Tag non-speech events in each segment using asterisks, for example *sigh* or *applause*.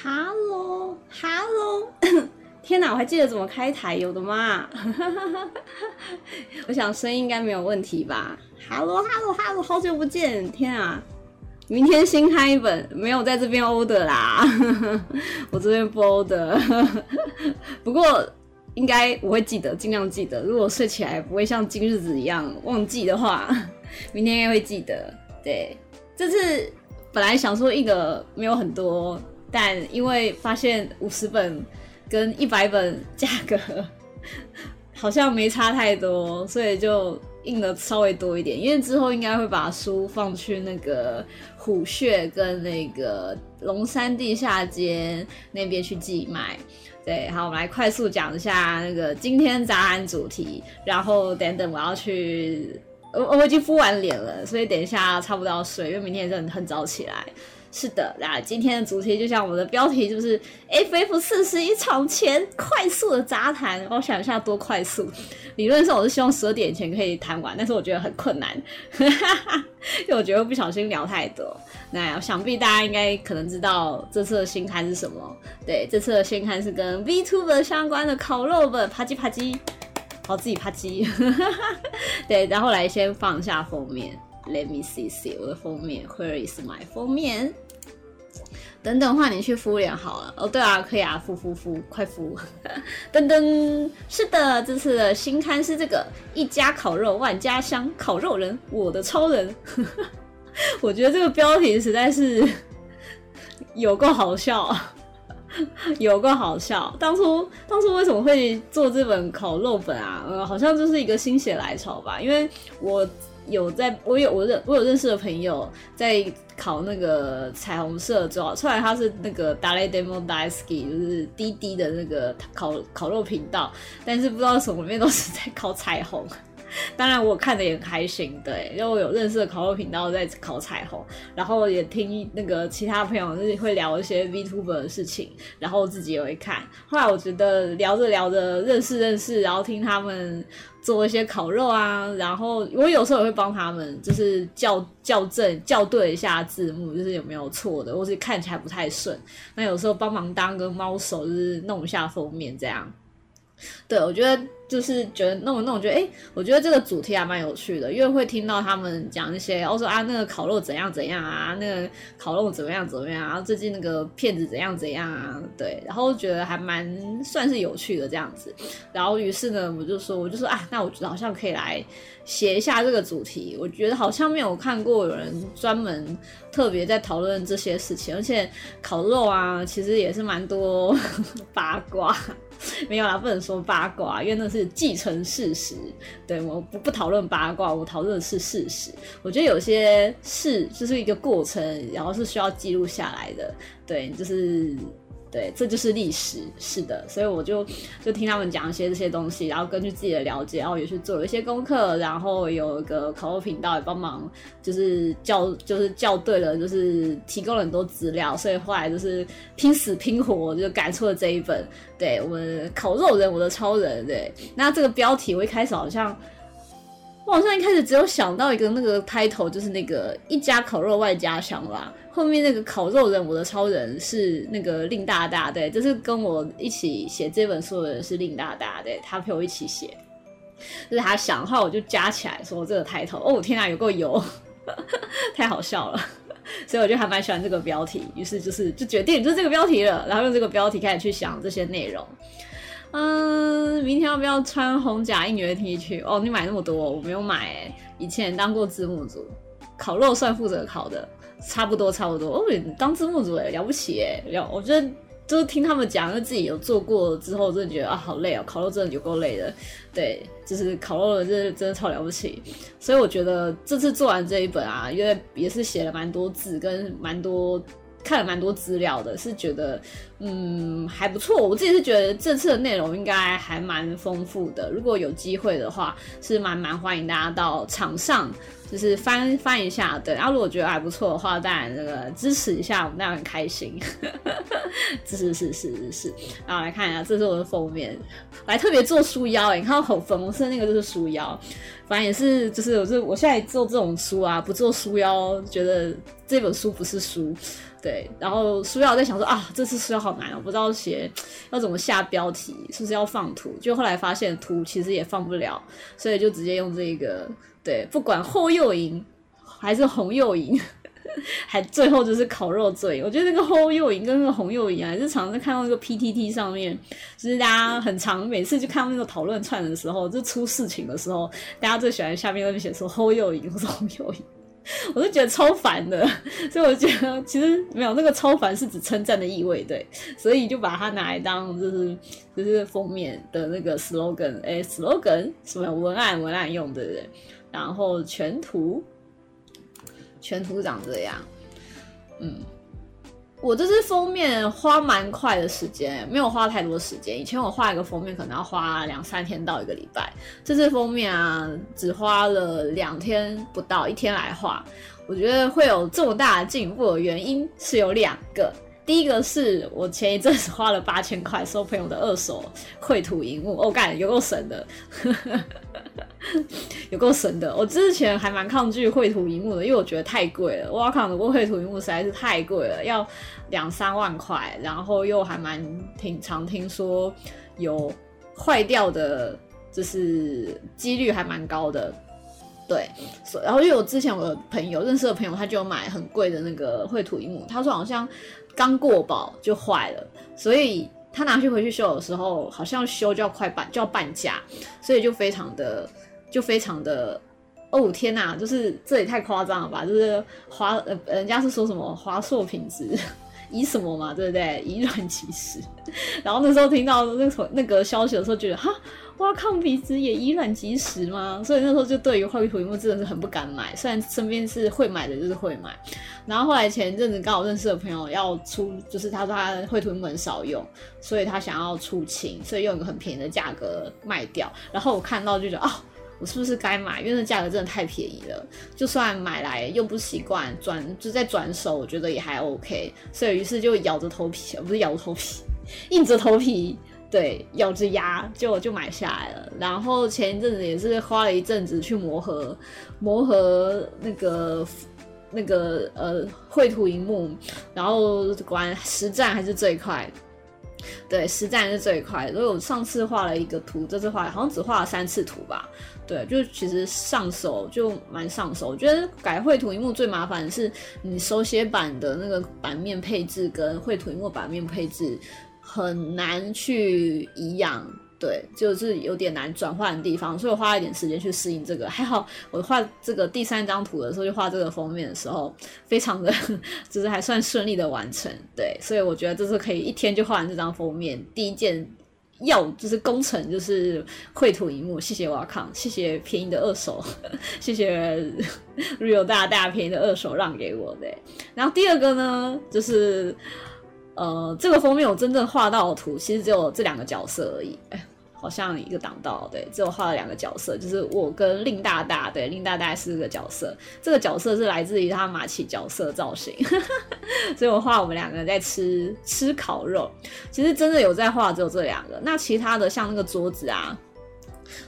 Hello，Hello！Hello? *coughs* 天哪，我還記得怎麼開台，有的嗎？ *laughs* 我想聲音應該沒有問題吧。Hello，Hello，Hello！Hello? Hello? 好久不見，天啊！明天新開一本，沒有在這邊 order 啦， *laughs* 我這邊不 order。不過應該我會記得，盡量記得。如果睡起來不會像今日子一樣忘記的話，明天應該會記得。對，這次本來想說一個沒有很多。但因為發現五十本跟一百本價格好像沒差太多，所以就印了稍微多一點。因為之後應該會把書放去那個虎穴跟那個龍山地下街那邊去寄賣。對，好，我們來快速講一下那個今天雜談主題。然後等等我要去，我我已經敷完臉了，所以等一下差不多要睡，因為明天也很很早起來。是的，那今天的主題就像我們的標題，就是 FF41 場前快速的雜談。我想一下多快速，理論上我是希望十二點前可以談完，但是我覺得很困難，哈哈哈。因為我覺得不小心聊太多。那我想必大家應該可能知道這次的新刊是什麼。對，這次的新刊是跟 VTuber 相關的烤肉本，啪嘰啪嘰，好，自己啪嘰。 *laughs* 對，然後來先放下封面。Let me see see 我的封面，Where is my 封面？等等，話你去敷臉好了。哦，對啊，可以啊，敷敷敷，快敷！ *laughs* 噔噔，是的，這次的新刊是這個“一家烤肉萬家香烤肉人”，我的超人。 *laughs* 我覺得這個標題實在是有夠好笑， *laughs* 有夠好笑。當初當初為什麼會做這本烤肉本啊？呃，好像就是一個心血來潮吧，因為我。有在，我有我認我有認識的朋友在烤那個彩虹色，之後雖然他是那個 Dale Demo Daiski，就是滴滴的那個烤烤肉頻道，但是不知道什麼裡面都是在烤彩虹。當然，我看的也很開心對，因為我有認識的烤肉頻道在烤彩虹，然後也聽那個其他朋友就是會聊一些 VTuber 的事情，然後自己也會看。後來我覺得聊着聊着認識認識，然後聽他們做一些烤肉啊，然後我有時候也會幫他們就是校校正校對一下字幕，就是有沒有錯的，或是看起來不太順。那有時候幫忙當個貓手，就是弄一下封面這樣。對我覺得。就是覺得弄弄覺得哎、欸，我覺得這個主題還蠻有趣的，因為會聽到他們講一些，後、哦、說啊，那個烤肉怎樣怎樣啊，那個烤肉怎麼樣怎麼樣、啊，然後最近那個騙子怎樣怎樣啊，對，然後覺得還蠻算是有趣的這樣子，然後於是呢，我就說我就說啊，那我覺得好像可以來寫一下這個主題，我覺得好像沒有看過有人專門特別在討論這些事情，而且烤肉啊，其實也是蠻多呵呵八卦。沒有啦、啊，不能說八卦，因為那是既成事實。對，我不不討論八卦，我討論的是事實。我覺得有些事就是一個過程，然後是需要記錄下來的。對，就是。對，這就是歷史，是的，所以我就就聽他們講一些這些東西，然後根據自己的了解，然後也去做了一些功課，然後有一個烤肉頻道也幫忙就叫，就是校就是校對了，就是提供了很多資料，所以後來就是拼死拼活就趕出了這一本，對，我們烤肉人，我的超人，對，那這個標題我一開始好像。我好像一開始只有想到一個那個抬頭，就是那個一家烤肉萬家香啦。後面那個烤肉人，我的超人是那個令大大，對，就是跟我一起寫這本書的人是令大大，對，他陪我一起寫，就是他想的話，我就加起來說這個抬頭，哦，哦天啊，有夠油， *laughs* 太好笑了，所以我就還蠻喜歡這個標題，於是就是就決定就是這個標題了，然後用這個標題開始去想這些內容。嗯，明天要不要穿紅甲應援 T 恤？哦，你買那麼多，我沒有買。以前當過字幕組，烤肉算負責烤的，差不多差不多。哦，你當字幕組，也了不起哎，了。我覺得就是聽他們講，因為自己有做過之後，真的覺得啊，好累哦、喔，烤肉真的就夠累的。對，就是烤肉真的，真的超了不起。所以我覺得這次做完這一本啊，因為也是寫了蠻多字跟蠻多。看了蠻多資料的，是覺得嗯，還不錯。我自己是覺得這次的內容應該還蠻豐富的。如果有機會的話，是蠻蠻歡迎大家到場上，就是翻翻一下對。然後如果覺得還不錯的話，當然這個支持一下我們，大家很開心。是是是是是是。啊，然後來看一下，這是我的封面。來特別做書腰、欸，哎，你看我很粉紅色，那個就是書腰。反正也是，就是我是我現在做這種書啊，不做書腰，覺得這本書不是書。對，然後書腰在想說啊，這次書腰好難哦，不知道寫要怎麼下標題，是不是要放圖？就後來發現圖其實也放不了，所以就直接用這一個。對，不管後又贏還是紅又贏，還最後就是烤肉最贏。我覺得那個後又贏跟那個紅又贏啊，日常在看到那個 PTT 上面，就是大家很常每次就看到那個討論串的時候，就出事情的時候，大家最喜歡的下面那邊寫說後又贏或是紅又贏。我就覺得超煩的，所以我覺得其實沒有那個超凡是指稱讚的意味，對，所以就把它拿來當就是就是封面的那個 slogan，哎、欸，slogan 什麼文案文案用對不對？然後全圖，全圖長這樣，嗯。我這支封面花蠻快的時間，沒有花太多時間。以前我畫一個封面可能要花兩三天到一個禮拜，這支封面啊只花了兩天不到一天來畫。我覺得會有這麼大的進步的原因是有兩個。第一個是我前一陣子花了八千塊收朋友的二手繪圖熒幕，我、哦、乾有夠神的， *laughs* 有夠神的。我之前還蠻抗拒繪圖熒幕的，因為我覺得太貴了。我靠，不過繪圖熒幕實在是太貴了，要兩三萬塊，然後又還蠻挺常聽說有壞掉的，就是幾率還蠻高的。對，然後因為我之前我的朋友認識的朋友，他就買很貴的那個繪圖熒幕，他說好像。剛過保就壞了，所以他拿去回去修的時候，好像修就要快半就要半價，所以就非常的就非常的，哦天哪、啊，就是這也太誇張了吧？就是華，呃，人家是說什麼華碩品質。以什麼嘛，對不對？以卵擊石。然後那時候聽到那個那個消息的時候，覺得哈，哇，我要抗鼻子也以卵擊石嗎？所以那時候就對於繪圖螢幕真的是很不敢買。雖然身邊是會買的，就是會買。然後後來前陣子剛好認識的朋友要出，就是他說他繪圖螢幕很少用，所以他想要出清，所以用一個很便宜的價格賣掉。然後我看到就覺得哦。我是不是該買？因為那價格真的太便宜了，就算買來又不習慣，轉就在轉手，我覺得也還 OK。所以於是就咬着頭皮，不是咬着頭皮，硬着頭皮，對，咬着牙就就買下來了。然後前一陣子也是花了一陣子去磨合，磨合那個那個呃繪圖熒幕，然後果然實戰還是最快。對，實戰還是最快。所以我上次畫了一個圖，這次畫好像只畫了三次圖吧。對，就其實上手就蠻上手。我覺得改繪圖螢幕最麻煩的是，你手寫板的那個版面配置跟繪圖螢幕版面配置很難去一樣，對，就是有點難轉換的地方。所以我花了一點時間去適應這個。還好，我畫這個第三張圖的時候，就畫這個封面的時候，非常的，就是還算順利的完成。對，所以我覺得就是可以一天就畫完這張封面，第一件。要就是工程，就是繪圖螢幕，謝謝瓦、啊、康，謝謝便宜的二手，呵呵謝謝 real 大大，大大便宜的二手讓給我，對。然後第二個呢，就是呃，這個封面我真正畫到的圖，其實只有這兩個角色而已。好像一個擋道，對，只有畫了兩個角色，就是我跟令大大，對，令大大是這個角色，這個角色是來自於他馬起角色造型， *laughs* 所以我畫我們兩個人在吃吃烤肉，其實真的有在畫只有這兩個，那其他的像那個桌子啊。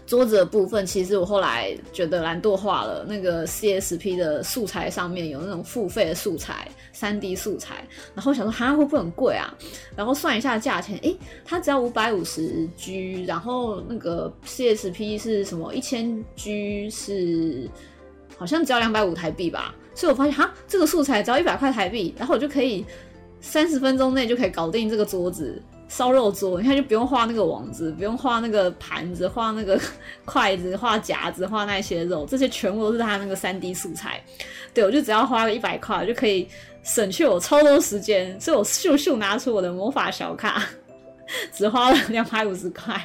桌子的部分，其實我後來覺得懶惰化了。那個 CSP 的素材上面有那種付費的素材，三 D 素材，然後想說哈，會不會很貴啊？然後算一下價錢，誒，它只要五百五十 G，然後那個 CSP 是什麼一千 G，是好像只要兩百五台幣吧？所以我發現哈，這個素材只要一百塊台幣，然後我就可以三十分鐘內就可以搞定這個桌子。燒肉桌，你看就不用畫那個網子，不用畫那個盤子，畫那個筷子，畫夾子，畫那些肉，這些全部都是他那個三 D 素材。對，我就只要花個一百塊就可以省去我超多時間，所以我秀秀拿出我的魔法小卡，只花了兩百五十塊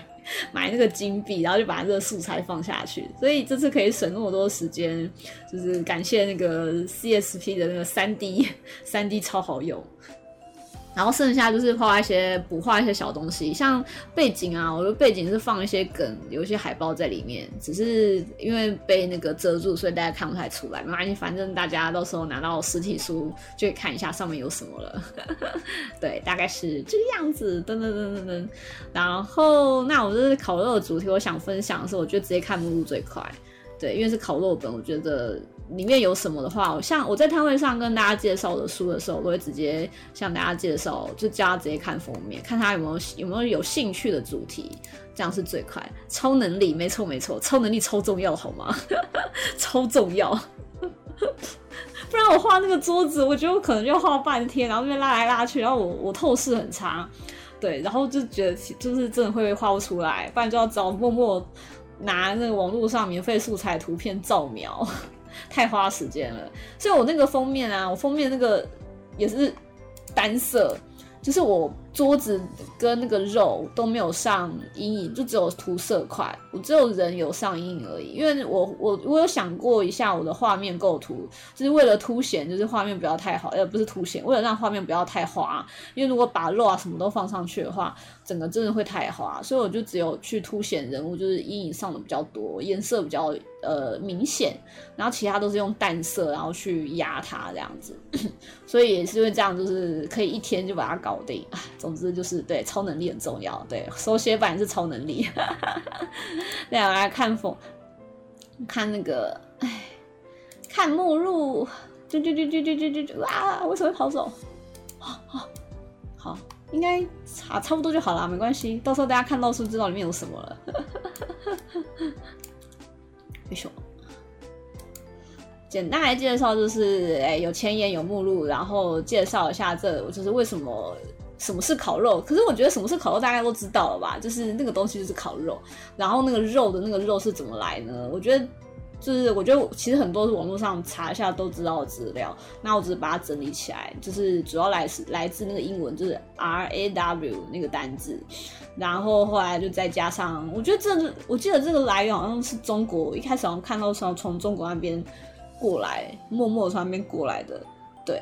買那個金幣，然後就把這個素材放下去，所以這次可以省那麼多時間，就是感謝那個 CSP 的那個三 D，三 D 超好用。然後剩下就是畫一些，補畫一些小東西，像背景啊，我的背景是放一些梗，有一些海報在裡面，只是因為被那個遮住，所以大家看不太出來嘛。你反正大家到時候拿到實體書就可以看一下上面有什麼了。 *laughs* 對，大概是這個樣子，噔噔噔噔噔。然後，那我就是烤肉的主題，我想分享的時候，我覺得直接看目錄最快。對，因為是烤肉本，我覺得。裡面有什麼的話，我像我在攤位上跟大家介紹的書的時候，我都會直接向大家介紹，就叫他直接看封面，看他有沒有有沒有有興趣的主題，這樣是最快。超能力，沒錯沒錯，超能力超重要，好嗎？ *laughs* 超重要。 *laughs* 不然我畫那個桌子，我覺得我可能要畫半天，然後那邊拉來拉去，然後我我透視很差，對，然後就覺得就是真的會畫不出來，不然就要找默默拿那個網絡上免費素材圖片照描。太花時間了，所以我那個封面啊，我封面那個也是單色，就是我。桌子跟那個肉都沒有上陰影，就只有塗色塊。我只有人有上陰影而已，因為我我我有想過一下我的畫面構圖，就是為了凸顯，就是畫面不要太好，呃，不是凸顯，為了讓畫面不要太花。因為如果把肉啊什麼都放上去的話，整個真的會太花。所以我就只有去凸顯人物，就是陰影上的比較多，顏色比較呃明顯，然後其他都是用淡色然後去壓它這樣子。 *coughs* 所以也是因為這樣，就是可以一天就把它搞定。總之就是對超能力很重要，對手寫版是超能力。來 *laughs* 來看封，看那個，哎，看目錄，就就就就就就就就哇！為什麼會跑走？好、哦哦，好，應該差差不多就好啦，沒關係。到時候大家看到書，知道裡面有什麼了。別說，簡單來介紹就是，哎、欸，有前言，有目錄，然後介紹一下這，就是為什麼。什麼是烤肉？可是我覺得什麼是烤肉，大家都知道了吧？就是那個東西就是烤肉，然後那個肉的那個肉是怎麼來呢？我覺得就是我覺得我其實很多網絡上查一下都知道的資料，那我只是把它整理起來，就是主要來自來自那個英文就是 R A W 那個單字，然後後來就再加上，我覺得這個我記得這個來源好像是中國，我一開始好像看到的時候從中國那邊過來，默默從那邊過來的，對。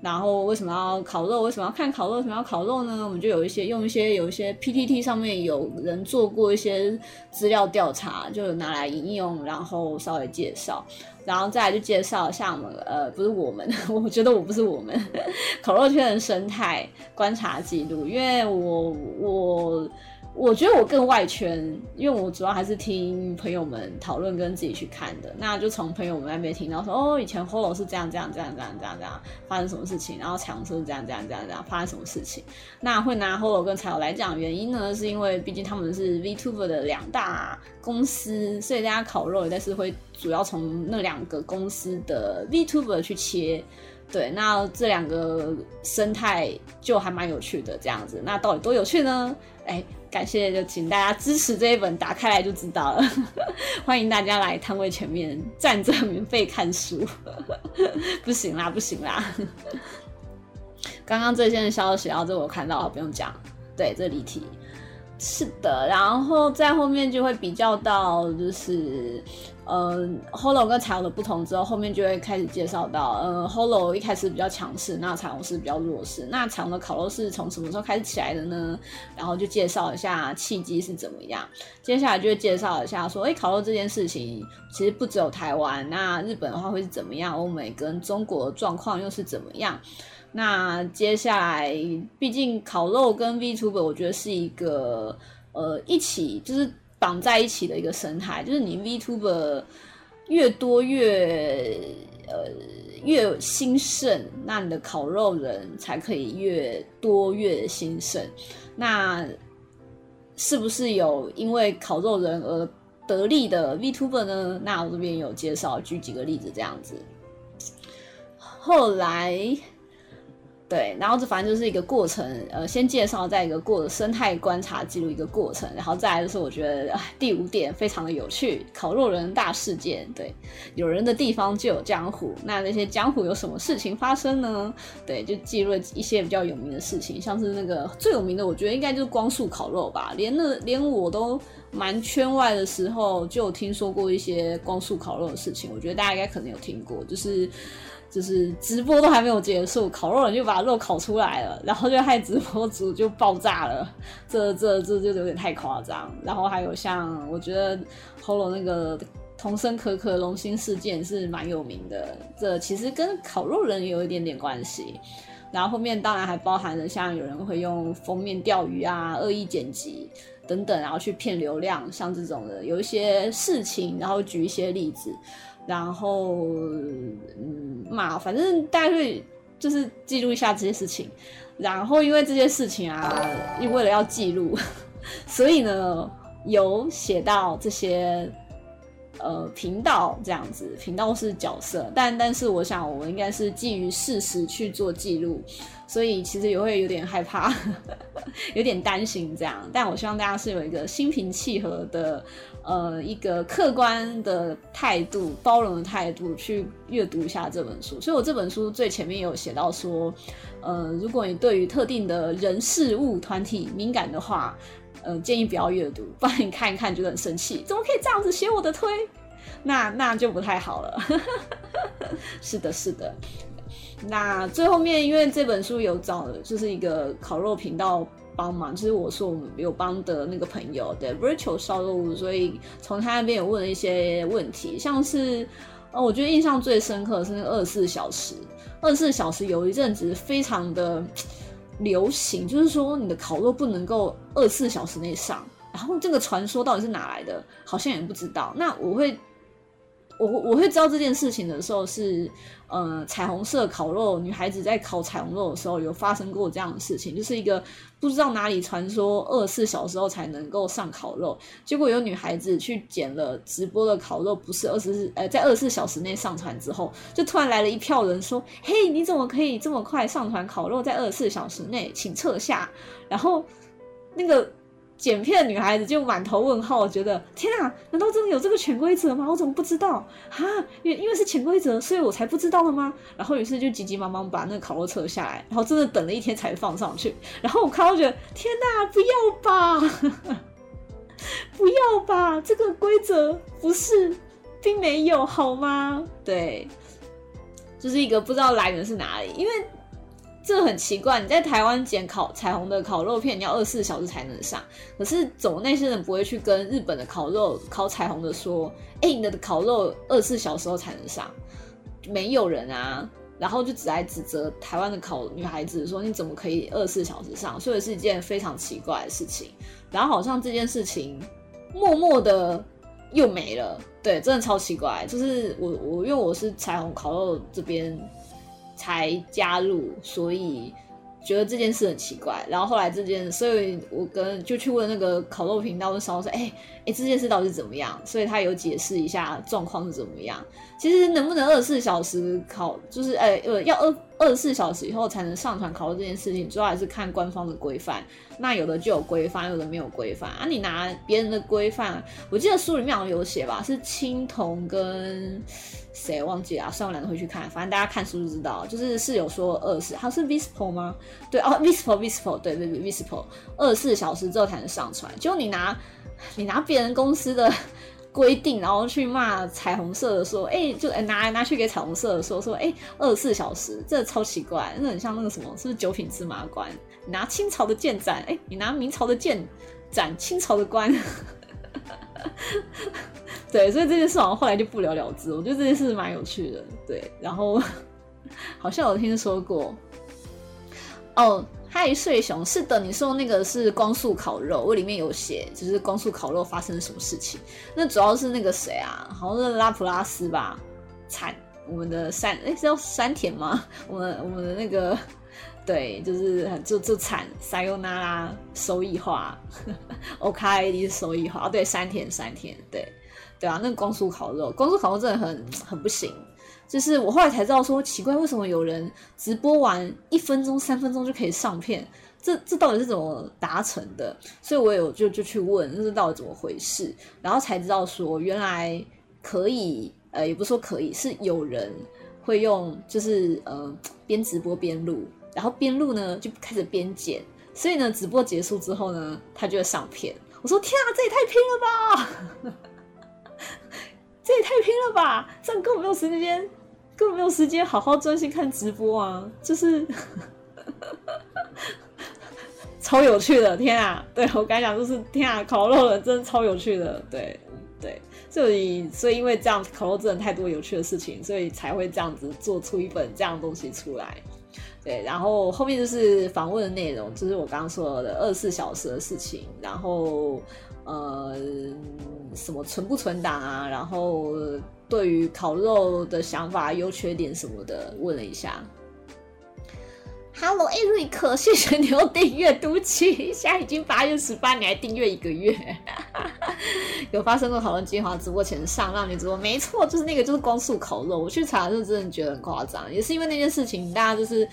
然後為什麼要烤肉？為什麼要看烤肉？為什麼要烤肉呢？我們就有一些用一些有一些 PTT 上面有人做過一些資料調查，就拿來引用，然後稍微介紹。然後再來就介紹一下我們呃不是我們，我覺得我不是我們烤肉圈的生態觀察記錄因為我我我覺得我更外圈，因為我主要還是聽朋友們討論跟自己去看的。那就從朋友們那邊聽到說，哦，以前 Holo 是這樣這樣這樣這樣這樣這樣發生什麼事情，然後彩虹社是這樣這樣這樣這樣發生什麼事情。那會拿 Holo 跟彩虹來講的原因呢，是因為畢竟他們是 VTuber 的兩大公司，所以大家烤肉，但是會主要從那兩。兩個公司的 Vtuber 去切，對，那這兩個生態就還蠻有趣的，這樣子。那到底多有趣呢？哎，感謝，就請大家支持這一本，打開來就知道了。 *laughs* 歡迎大家來攤位前面站着免費看書， *laughs* 不行啦，不行啦。 *laughs* 剛剛最新的消息，這我看到，不用講。對，這離題。是的，然後在後面就會比較到，就是。呃，Holo 跟彩虹的不同之後，後面就會開始介紹到，呃，Holo 一開始比較強勢，那彩虹是比較弱勢。那彩虹的烤肉是從什麼時候開始起來的呢？然後就介紹一下契機是怎麼樣。接下來就會介紹一下，說，誒、欸、烤肉這件事情其實不只有台灣，那日本的話會是怎麼樣？歐美跟中國的狀況又是怎麼樣？那接下來，畢竟烤肉跟 VTuber 我覺得是一個，呃，一起就是。綁在一起的一個生態，就是你 Vtuber 越多越呃越興盛，那你的烤肉人才可以越多越興盛。那是不是有因為烤肉人而得利的 Vtuber 呢？那我這邊有介紹，舉幾個例子這樣子。後來。對，然後這反正就是一個過程，呃，先介紹，再一個過生態觀察記錄一個過程，然後再來就是我覺得，哎，第五點非常的有趣，烤肉人大事件。對，有人的地方就有江湖，那那些江湖有什麼事情發生呢？對，就記錄了一些比較有名的事情，像是那個最有名的，我覺得應該就是光速烤肉吧。連那連我都蠻圈外的時候，就有聽說過一些光速烤肉的事情，我覺得大家應該可能有聽過，就是。就是直播都還沒有結束，烤肉人就把肉烤出來了，然後就害直播組就爆炸了，這這這就有點太誇張。然後還有像我覺得 Holo 那個桐生可可龍心事件是蠻有名的，這其實跟烤肉人也有一點點關係。然後後面當然還包含了像有人會用封面釣魚啊、惡意剪輯等等，然後去騙流量，像這種的有一些事情，然後舉一些例子。然後，嗯嘛，反正大概就是記錄一下這些事情，然後因為這些事情啊，因為了要記錄，所以呢，有寫到這些。呃，頻道這樣子，頻道是角色，但但是我想我們應該是基於事實去做記錄，所以其實也會有點害怕， *laughs* 有點擔心這樣。但我希望大家是有一個心平氣和的，呃，一個客觀的態度、包容的態度去閱讀一下這本書。所以我這本書最前面有寫到說，呃，如果你對於特定的人事物團體敏感的話。嗯、呃，建議不要閱讀，不然你看一看覺得很生氣，怎麼可以這樣子寫我的推？那那就不太好了。 *laughs* 是的，是的。那最後面，因為這本書有找，就是一個烤肉頻道幫忙，就是我說我們有幫的那個朋友的 Virtual 燒肉，所以從他那邊有問了一些問題，像是，哦、我覺得印象最深刻的是二十四小時，二十四小時有一陣子非常的。流行就是說，你的烤肉不能夠二十四小時內上，然後這個傳說到底是哪來的，好像也不知道。那我會。我我會知道這件事情的時候是，呃，彩虹色烤肉女孩子在烤彩虹肉的時候有發生過這樣的事情，就是一個不知道哪裡傳說二十四小時後才能夠上烤肉，結果有女孩子去剪了直播的烤肉，不是二十四，呃，在二十四小時內上傳之後，就突然來了一票人說，嘿、hey，你怎麼可以這麼快上傳烤肉在二十四小時內，請撤下，然後那個。剪片的女孩子就滿頭問號，我覺得天哪、啊，難道真的有這個潛規則嗎？我怎麼不知道啊？因為因為是潛規則，所以我才不知道的嗎？然後於是就急急忙忙把那個烤肉撤下來，然後真的等了一天才放上去。然後我看到覺得天哪、啊，不要吧， *laughs* 不要吧，這個規則不是並沒有好嗎？對，就是一個不知道來源是哪裡，因為。這很奇怪，你在台灣剪烤彩虹的烤肉片，你要二十四小時才能上，可是總那些人不會去跟日本的烤肉烤彩虹的說，哎，你的烤肉二十四小時後才能上，沒有人啊，然後就只來指責台灣的烤女孩子說你怎麼可以二十四小時上，所以是一件非常奇怪的事情，然後好像這件事情默默的又沒了。對，真的超奇怪，就是我我因為我是彩虹烤肉這邊。才加入，所以覺得這件事很奇怪。然後後來這件，所以我跟就去問那個烤肉頻道的時候，說：“哎、欸、哎、欸，這件事到底是怎麼樣？”所以他有解釋一下狀況是怎麼樣。其實能不能二十四小時烤，就是呃呃、欸、要二。二十四小時以後才能上傳，考慮這件事情，主要還是看官方的規範。那有的就有規範，有的沒有規範啊。你拿別人的規範，我記得書裡面好像有寫吧，是青銅跟誰忘記啊，上個兩周回去看，反正大家看書就知道，就是是有說了二十四，他是 Vispo 嗎？對啊、哦，Vispo，Vispo，對對對，Vispo，二十四小時之後才能上傳。就你拿你拿別人公司的。規定，然後去罵彩虹社的說，哎，就哎拿拿去給彩虹社的說說，哎，二十四小時，這超奇怪，那很像那個什麼，是不是九品芝麻官？拿清朝的劍斬，哎，你拿明朝的劍斬清朝的官， *laughs* 對，所以這件事好像後來就不了了之。我覺得這件事蠻有趣的，對，然後好像有聽說過，哦。嗨，睡熊，是的，你說那個是光速烤肉，我裡面有寫，就是光速烤肉發生了什麼事情？那主要是那個誰啊，好像是拉普拉斯吧，慘，我們的山，誒，是叫山田嗎？我們我們的那個，對，就是就就慘，撒由那拉收益化 OKAERI 收益化，啊，對，山田山田，對，對啊，那個光速烤肉，光速烤肉真的很很不行。就是我後來才知道說，奇怪為什麼有人直播完一分鐘、三分鐘就可以上片，這這到底是怎麼達成的？所以我有就就去問，這是到底怎麼回事？然後才知道說，原來可以，呃，也不說可以，是有人會用，就是呃，邊直播邊錄，然後邊錄呢就開始邊剪，所以呢，直播結束之後呢，他就會上片。我說天啊，這也太拼了吧！ *laughs* 這也太拼了吧！上課我沒有時間。根本沒有時間好好專心看直播啊！就是 *laughs* 超有趣的，天啊！對，我剛才講就是天啊，烤肉人真的超有趣的，對對，所以所以因為這樣烤肉真的太多有趣的事情，所以才會這樣子做出一本這樣的東西出來。對，然後後面就是訪問的內容，就是我剛剛說的二十四小時的事情，然後。呃，什麼存不存檔啊？然後對於烤肉的想法、優缺點什麼的，問了一下。Hello Eric，謝謝你又訂閱讀奇，現在已經八月十八，你還訂閱一個月， *laughs* 有發生過討論精華直播前上讓你直播，沒錯，就是那個就是光速烤肉。我去查的時候，真的覺得很誇張，也是因為那件事情，大家就是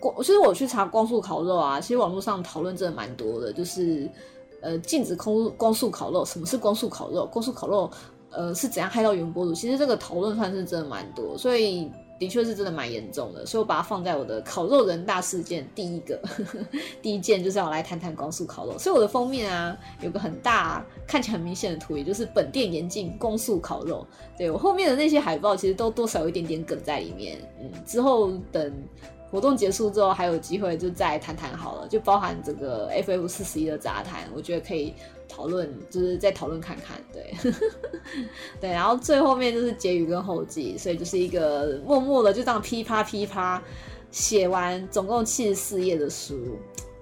我，其實我去查光速烤肉啊，其實網絡上討論真的蠻多的，就是。呃，禁止空光速烤肉。什麼是光速烤肉？光速烤肉，呃，是怎樣害到原博主？其實這個討論算是真的蠻多，所以的確是真的蠻嚴重的。所以我把它放在我的烤肉人大事件第一個呵呵，第一件就是要我來談談光速烤肉。所以我的封面啊，有個很大、看起來很明顯的圖，也就是本店嚴禁光速烤肉。對，我後面的那些海報，其實都多少有一點點梗在裡面。嗯，之後等。活動結束之後還有機會就再談談好了，就包含這個 FF 四十一的雜談，我覺得可以討論，就是再討論看看，對， *laughs* 對，然後最後面就是結語跟後記，所以就是一個默默的就這樣噼啪噼啪寫完，總共七十四頁的書，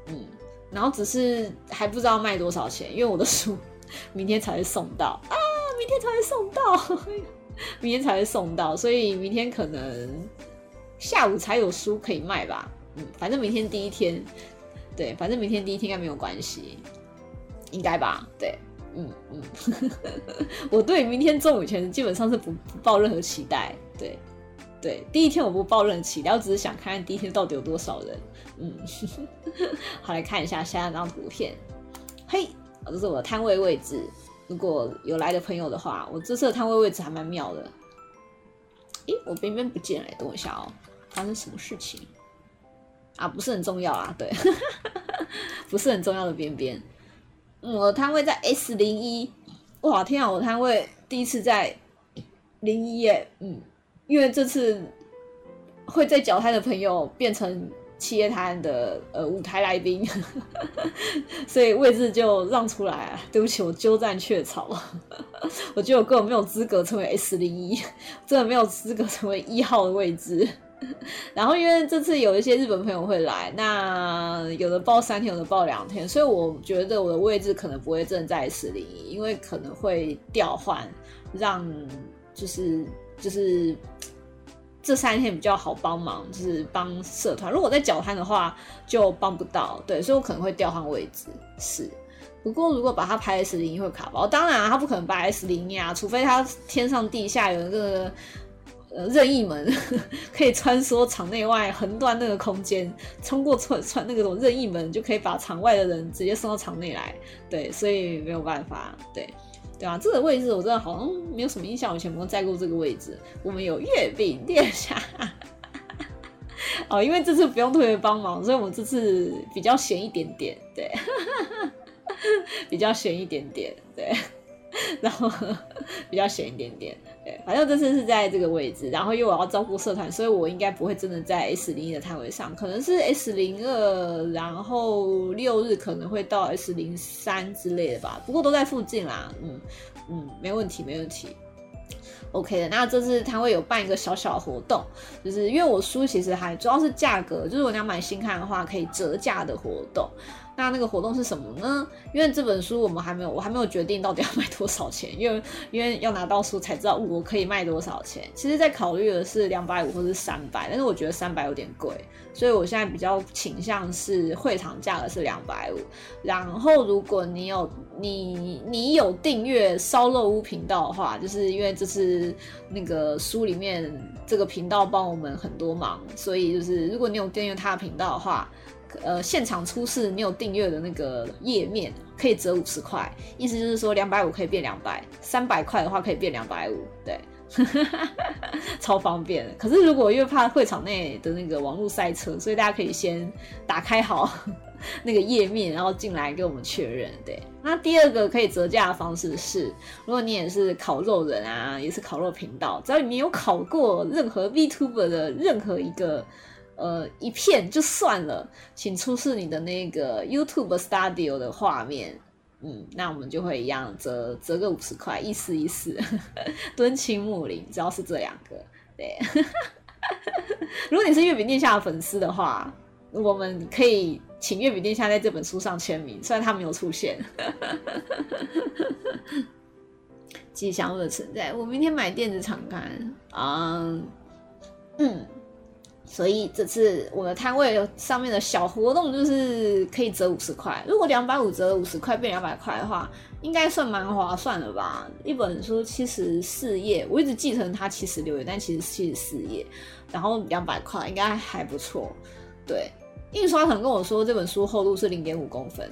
嗯，然後只是還不知道賣多少錢，因為我的書明天才會送到啊，明天才會送到， *laughs* 明天才會送到，所以明天可能。下午才有書可以賣吧？嗯，反正明天第一天，對，反正明天第一天應該沒有關係，應該吧？對，嗯嗯， *laughs* 我對明天中午前基本上是不，不抱任何期待，對對，第一天我不抱任何期待，我只是想看看第一天到底有多少人。嗯， *laughs* 好，來看一下下一張圖片。嘿，這是我的攤位位置，如果有來的朋友的話，我這次的攤位位置還蠻妙的。咦，我邊邊不見了欸，等我一下哦。發生什麼事情啊？不是很重要啊，對， *laughs* 不是很重要的邊邊、嗯。我攤位在 S 零一，哇，天啊！我攤位第一次在零一耶，嗯，因為這次會在腳攤的朋友變成企業攤的呃舞台來賓， *laughs* 所以位置就讓出來啊。對不起，我鳩占鵲巢， *laughs* 我覺得我根本沒有資格成為 S 零一，真的沒有資格成為一號的位置。 *laughs* 然後因為這次有一些日本朋友會來，那有的報三天，有的報兩天，所以我覺得我的位置可能不會正在 S01，因為可能會調換，讓就是就是這三天比較好幫忙，就是幫社團。如果在腳攤的話就幫不到，對，所以我可能會調換位置。是，不過如果把它排在 S01 會卡包，當然、啊、他不可能排 S01 啊，除非他天上地下有一個。呃，任意門可以穿梭場內外，橫斷那個空間，通過穿穿那個什麼任意門，就可以把場外的人直接送到場內來。對，所以沒有辦法，對對啊，這個位置我真的好像沒有什麼印象，我全部都在過這個位置。我們有月餅殿下， *laughs* 哦，因為這次不用特別幫忙，所以我們這次比較閒一點點，對，呵呵比較閒一點點，對，然後呵呵比較閒一點點。反正這次是在這個位置，然後因為我要照顧社團，所以我應該不會真的在 S 零一的攤位上，可能是 S 零二，然後六日可能會到 S 零三之類的吧，不過都在附近啦，嗯嗯，沒問題，沒問題，OK 的。那這次攤位有辦一個小小活動，就是因為我書其實還主要是價格，就是我要買新刊的話可以折價的活動。那那個活動是什麼呢？因為這本書我們還沒有，我還沒有決定到底要賣多少錢，因為因為要拿到書才知道我可以賣多少錢。其實在考慮的是兩百五或者是三百，但是我覺得三百有點貴，所以我現在比較傾向是會場價格是兩百五。然後如果你有你你有訂閱燒肉屋頻道的話，就是因為這次那個書裡面這個頻道幫我們很多忙，所以就是如果你有訂閱他的頻道的話。呃，現場出示你有訂閱的那個頁面，可以折五十塊，意思就是說兩百五可以變兩百，三百塊的話可以變兩百五，對， *laughs* 超方便。可是如果因為怕會場內的那個網絡塞車，所以大家可以先打開好那個頁面，然後進來給我們確認。對，那第二個可以折價的方式是，如果你也是烤肉人啊，也是烤肉頻道，只要你有烤過任何 Vtuber 的任何一個。呃，一片就算了，請出示你的那個 YouTube Studio 的畫面。嗯，那我們就會一樣折折個五十塊，意思意思，敦親睦鄰，只要是這兩個，對。 *laughs* 如果你是月餅殿下的粉絲的話，我們可以請月餅殿下在這本書上簽名，雖然他沒有出現。 *laughs* 吉祥物的存在，我明天買電子場刊。啊，uh, 嗯。所以這次我的攤位上面的小活動就是可以折五十塊，如果兩百五折五十塊變兩百塊的話，應該算蠻划算了吧？一本書七十四頁，我一直記成它七十六頁，但其實七十四頁，然後兩百塊應該還不錯。對，印刷廠跟我說這本書厚度是零點五公分。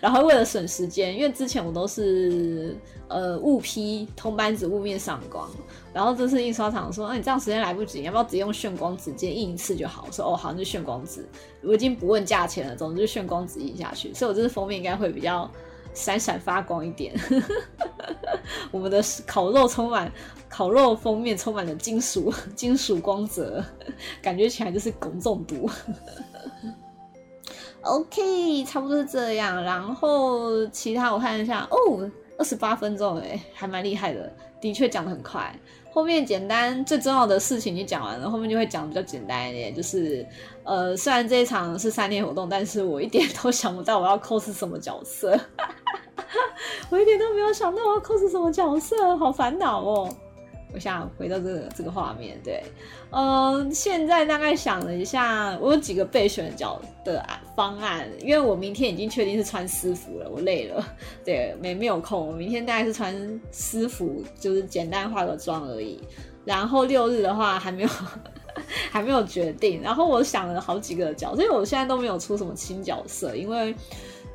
然後為了省時間，因為之前我都是呃誤批通版紙、霧面上光，然後這次印刷廠說，那、哦、你這樣時間來不及，要不要直接用炫光紙直接印一次就好？我說哦，好，像是炫光紙，我已經不問價錢了，總之就炫光紙印下去。所以我這次封面應該會比較閃閃發光一點。 *laughs* 我們的烤肉充滿烤肉封面充滿了金屬金屬光澤，感覺起來就是汞中毒。 *laughs* OK，差不多是這樣，然後其他我看一下哦，二十八分鐘哎，還蠻厲害的，的確講得很快，後面簡單，最重要的事情你講完了，後面就會講比較簡單一點，就是呃，雖然這一場是三天活動，但是我一點都想不到我要 cos 什麼角色， *laughs* 我一點都沒有想到我要 cos 什麼角色，好煩惱哦。我想回到這個這個畫面，對，嗯、呃，現在大概想了一下，我有幾個備選的角的方案，因為我明天已經確定是穿私服了，我累了，對，沒沒有空，我明天大概是穿私服，就是簡單化個妝而已。然後六日的話還沒有還沒有決定，然後我想了好幾個角，所以我現在都沒有出什麼新角色，因為。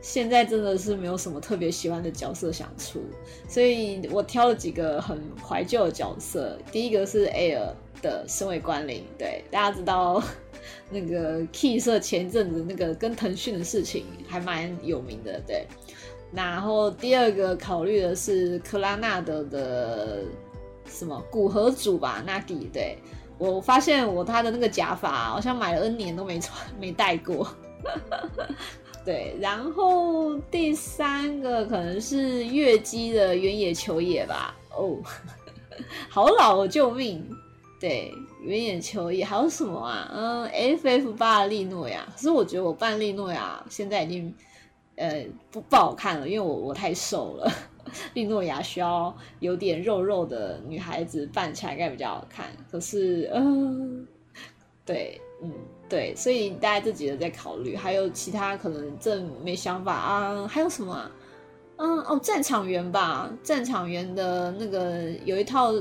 現在真的是沒有什麼特別喜歡的角色想出，所以我挑了幾個很懷舊的角色。第一個是 Air 的神尾觀鈴，對，大家知道那個 Key 社前陣子那個跟騰訊的事情還蠻有名的，對。然後第二個考慮的是克拉納德的什麼古河渚吧 Nagi，對，我發現我他的那個假髮好像買了 N 年都沒穿、沒戴過。 *laughs* 對，然後第三個可能是月姬的原野球野吧。哦，好老，救命！對，原野球野還有什麼啊？嗯，FF8 的利諾亞。可是我覺得我扮利諾亞現在已經，呃，不不，不好看了，因為我我太瘦了。利諾亞需要有點肉肉的女孩子扮起來該比較好看。可是，嗯，對，嗯。對，所以大家自己的在考慮，還有其他可能正沒想法啊？還有什麼啊？嗯，哦，戰場員吧，戰場員的那個有一套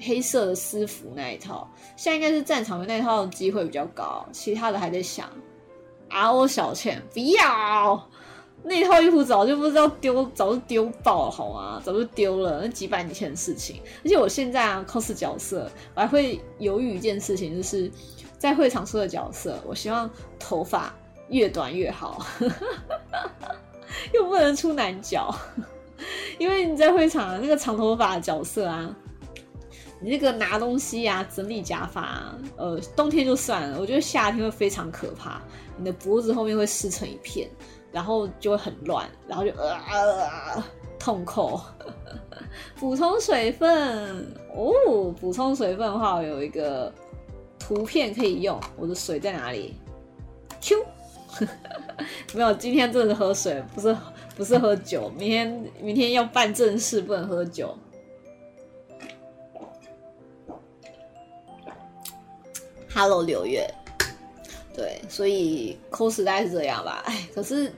黑色的私服那一套，現在應該是戰場員那一套的機會比較高，其他的還在想。啊，我小倩不要那套衣服，早就不知道丟，早就丟爆了好嗎？早就丟了，那幾百年前的事情。而且我現在啊，cos 角色我還會猶豫一件事情，就是。在會場出的角色，我希望頭髮越短越好， *laughs* 又不能出男角， *laughs* 因為你在會場那個長頭髮角色啊，你那個拿東西啊，整理假髮、啊，呃，冬天就算了，我覺得夏天會非常可怕，你的脖子後面會濕成一片，然後就會很亂，然後就啊，啊，痛哭，補 *laughs* 充水分哦，補充水分的話，我有一個。圖片可以用，我的水在哪裡？Q， *laughs* 沒有，今天真的是喝水，不是不是喝酒。明天明天要辦正事，不能喝酒。Hello，柳月，對，所以 coser 是這樣吧？哎，可是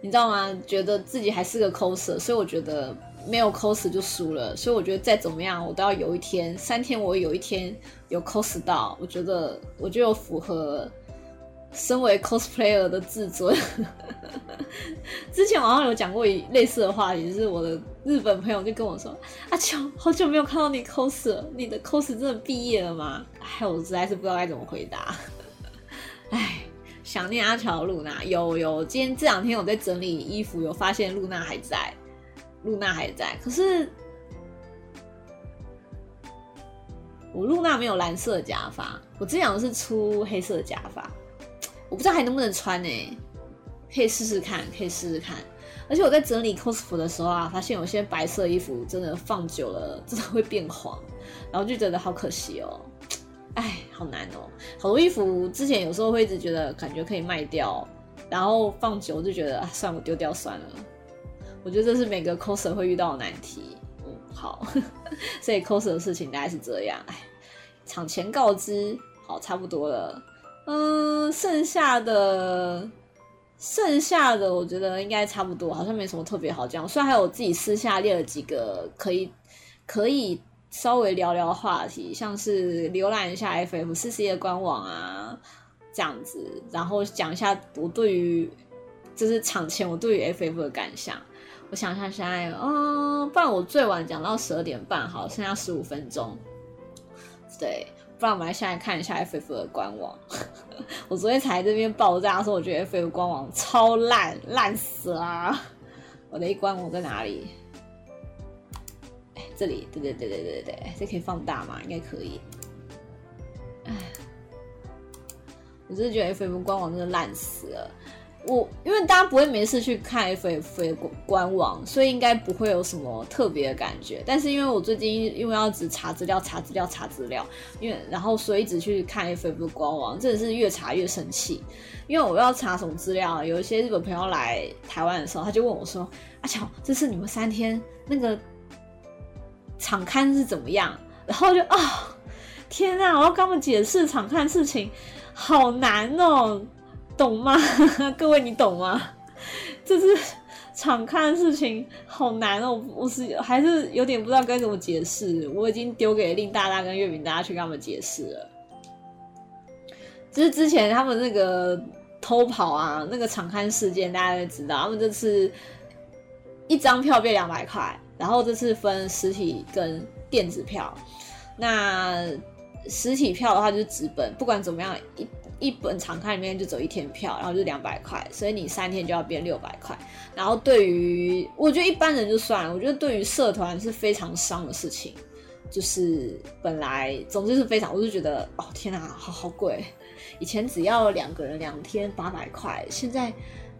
你知道嗎？覺得自己還是個 coser，所以我覺得。沒有 cos 就輸了，所以我覺得再怎麼樣，我都要有一天、三天，我有一天有 cos 到，我覺得我就有符合身為 cosplayer 的自尊。 *laughs* 之前網上有講過一類似的話題，也就是我的日本朋友就跟我說：“阿巧，好久沒有看到你 cos 了，你的 cos 真的畢業了嗎？”哎，我實在是不知道該怎麼回答。哎， *laughs* 想念阿巧露娜，有有，今天這兩天我在整理衣服，有發現露娜還在。露娜還在，可是我露娜沒有藍色的假髮，我之前想的是出黑色的假髮，我不知道還能不能穿呢、欸，可以試試看，可以試試看。而且我在整理 cos 服的時候啊，發現有些白色衣服真的放久了真的會變黃，然後就覺得好可惜哦、喔，哎，好難哦、喔，好多衣服之前有時候會一直覺得感覺可以賣掉，然後放久就覺得啊，算我丟掉算了。我覺得這是每個 coser 會遇到的難題。嗯，好，呵呵，所以 coser 的事情大概是這樣。哎，場前告知，好，差不多了。嗯，剩下的，剩下的，我覺得應該差不多，好像沒什麼特別好講。雖然還有我自己私下列了幾個可以可以稍微聊聊話題，像是瀏覽一下 FF 41的官網啊，這樣子，然後講一下我對於就是場前我對於 FF 的感想。我想一下現在嗯、哦，不然我最晚講到十二點半，好，剩下十五分鐘。對，不然我們來現在看一下 FF 的官網。 *laughs* 我昨天才在這邊爆炸的時候，我覺得 FF 官網超爛，爛死啦、啊！我的一官網在哪裡？這裡，對對對對對，這可以放大嘛，應該可以。哎，我真的覺得 FF 官網真的爛死了。我因為大家不會沒事去看 FF 的官網，所以應該不會有什麼特別的感覺。但是因為我最近因為要一直查資料、查資料、查資料，因為然後所以一直去看 FF 的官網，真的是越查越生氣。因為我要查什麼資料？有一些日本朋友來台灣的時候，他就問我說：“阿巧，這次你們三天那個場刊是怎麼樣？”然後就啊、哦，天哪、啊！我要跟他們解釋場刊的事情，好難哦。懂嗎？各位，你懂嗎？這是場刊的事情，好難哦。我是還是有點不知道該怎麼解釋。我已經丟給令大大跟月餅大家去跟他們解釋了。就是之前他們那個偷跑啊，那個場刊事件，大家都知道。他們這次一張票變兩百塊，然後這次分實體跟電子票。那實體票的話就是紙本，不管怎麼樣一。一本場刊裡面就走一天票，然後就兩百塊，所以你三天就要變六百塊。然後對於我覺得一般人就算了，我覺得對於社團是非常傷的事情，就是本來總之是非常，我就覺得哦天啊，好好貴。以前只要兩個人兩天八百塊，現在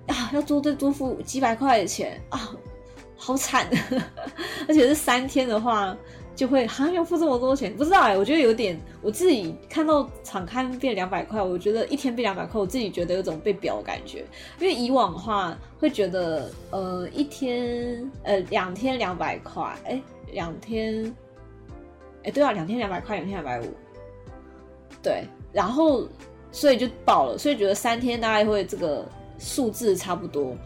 啊要多再多付幾百塊的錢啊，好慘， *laughs* 而且是三天的話。就會好像要、啊、付這麼多錢，不知道哎。我覺得有點，我自己看到場刊變兩百塊，我覺得一天變兩百塊，我自己覺得有種被表感覺。因為以往的話，會覺得呃一天呃兩天兩百塊，哎兩天，哎對啊兩天兩百塊，兩天兩百五，對，然後所以就爆了，所以覺得三天大概會這個數字差不多。